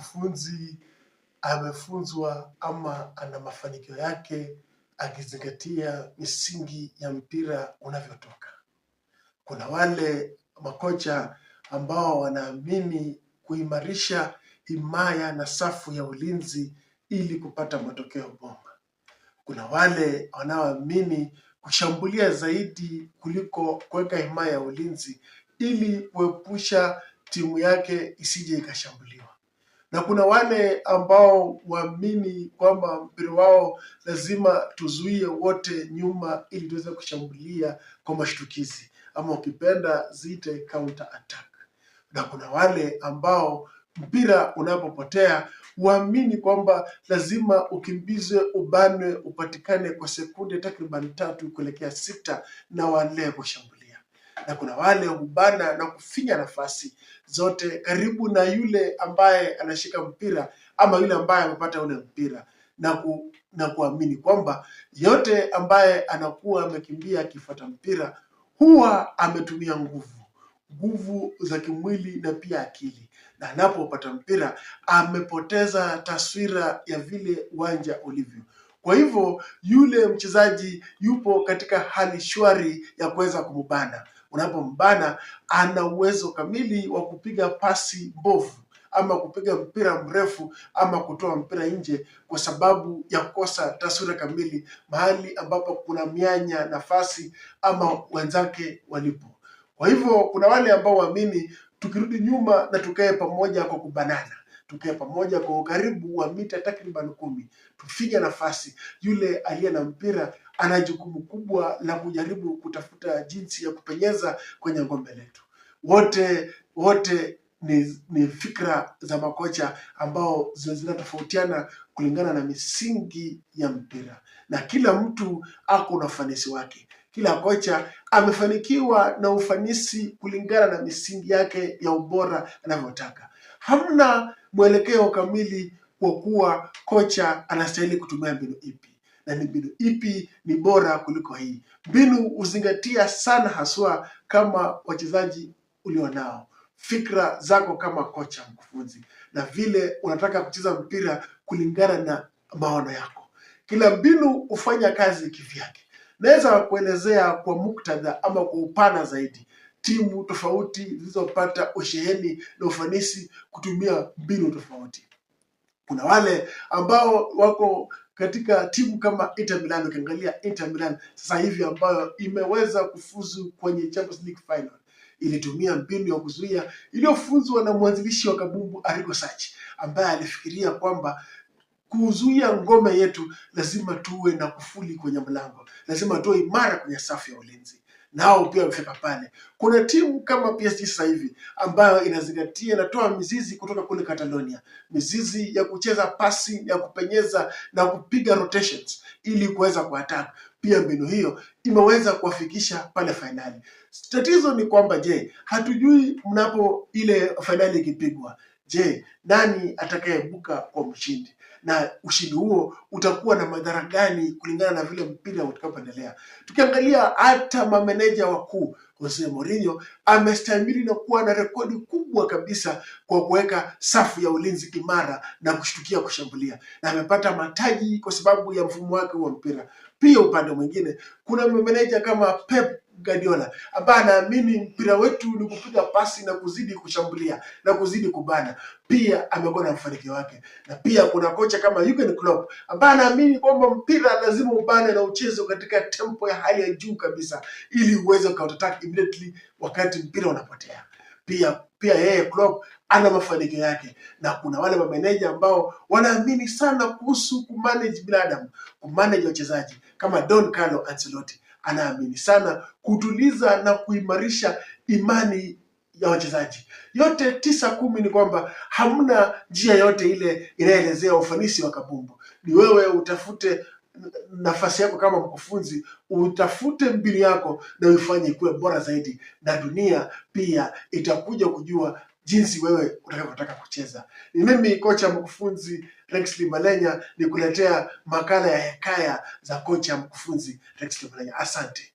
mkufunzi amefunzwa ama ana mafanikio yake akizingatia misingi ya mpira unavyotoka. Kuna wale makocha ambao wanaamini kuimarisha himaya na safu ya ulinzi ili kupata matokeo bomba. Kuna wale wanaoamini kushambulia zaidi kuliko kuweka himaya ya ulinzi ili kuepusha timu yake isije ikashambulia na kuna wale ambao waamini kwamba mpira wao lazima tuzuie wote nyuma ili tuweze kushambulia kwa mashtukizi ama ukipenda ziite counter attack, na kuna wale ambao mpira unapopotea waamini kwamba lazima ukimbizwe, ubanwe, upatikane kwa sekunde takriban tatu kuelekea sita na walee kushambulia na kuna wale wamubana na kufinya nafasi zote karibu na yule ambaye anashika mpira ama yule ambaye amepata ule mpira na, ku, na kuamini kwamba yote ambaye anakuwa amekimbia akifuata mpira huwa ametumia nguvu nguvu za kimwili na pia akili, na anapopata mpira amepoteza taswira ya vile uwanja ulivyo. Kwa hivyo yule mchezaji yupo katika hali shwari ya kuweza kumubana unapombana, ana uwezo kamili wa kupiga pasi mbovu ama kupiga mpira mrefu ama kutoa mpira nje, kwa sababu ya kukosa taswira kamili mahali ambapo kuna mianya, nafasi ama wenzake walipo. Kwa hivyo kuna wale ambao waamini tukirudi nyuma na tukae pamoja kwa kubanana tukae pamoja kwa ukaribu wa mita takriban kumi, tufige nafasi. Yule aliye na mpira ana jukumu kubwa la kujaribu kutafuta jinsi ya kupenyeza kwenye ngome letu. Wote wote ni, ni fikra za makocha ambao zinatofautiana kulingana na misingi ya mpira, na kila mtu ako na ufanisi wake. Kila kocha amefanikiwa na ufanisi kulingana na misingi yake ya ubora anavyotaka hamna mwelekeo kamili wa kuwa kocha anastahili kutumia mbinu ipi na ni mbinu ipi ni bora kuliko hii. Mbinu huzingatia sana haswa kama wachezaji ulio nao, fikra zako kama kocha mkufunzi, na vile unataka kucheza mpira kulingana na maono yako. Kila mbinu hufanya kazi kivyake. Naweza kuelezea kwa muktadha ama kwa upana zaidi timu tofauti zilizopata usheheni na ufanisi kutumia mbinu tofauti. Kuna wale ambao wako katika timu kama Inter Milan. Ukiangalia Inter Milan sasa hivi ambayo imeweza kufuzu kwenye Champions League final ilitumia mbinu ya kuzuia iliyofunzwa na mwanzilishi wa kabumbu Arrigo Sacchi, ambaye alifikiria kwamba kuzuia ngome yetu lazima tuwe na kufuli kwenye mlango, lazima tuwe imara kwenye safu ya ulinzi nao pia wamefika pale. Kuna timu kama PSG sasa hivi ambayo inazingatia, inatoa mizizi kutoka kule Catalonia, mizizi ya kucheza pasi ya kupenyeza na kupiga rotations ili kuweza kuattack. Pia mbinu hiyo imeweza kuwafikisha pale fainali. Tatizo ni kwamba je, hatujui mnapo ile fainali ikipigwa Je, nani atakayebuka kwa mshindi na ushindi huo utakuwa na madhara gani kulingana na vile mpira utakapoendelea? Tukiangalia hata mameneja wakuu, Jose Mourinho amestahimili na kuwa na rekodi kubwa kabisa kwa kuweka safu ya ulinzi imara na kushtukia kushambulia, na amepata mataji kwa sababu ya mfumo wake wa mpira. Pia upande mwingine kuna mameneja kama Pep Guardiola. Hapana, mimi mpira wetu ni kupiga pasi na kuzidi kushambulia na kuzidi kubana. Pia amekuwa na mfanikio wake, na pia kuna kocha kama Jurgen Klopp ambaye anaamini kwamba mpira lazima ubane na uchezo katika tempo ya hali ya juu kabisa, ili uweze counter attack immediately wakati mpira unapotea. Pia pia yeye Klopp ana mafanikio yake, na kuna wale mameneja ambao wanaamini sana kuhusu kumanage binadamu, kumanage wachezaji kama Don Carlo Ancelotti anaamini sana kutuliza na kuimarisha imani ya wachezaji. Yote tisa kumi ni kwamba hamna njia yote ile inayoelezea ufanisi wa kabumbu. Ni wewe utafute nafasi yako kama mkufunzi, utafute mbinu yako na uifanye ikuwe bora zaidi, na dunia pia itakuja kujua jinsi wewe utakavyotaka kucheza. Ni mimi kocha mkufunzi Rexley Malenya, nikuletea makala ya hekaya za kocha mkufunzi Rexley Malenya. Asante.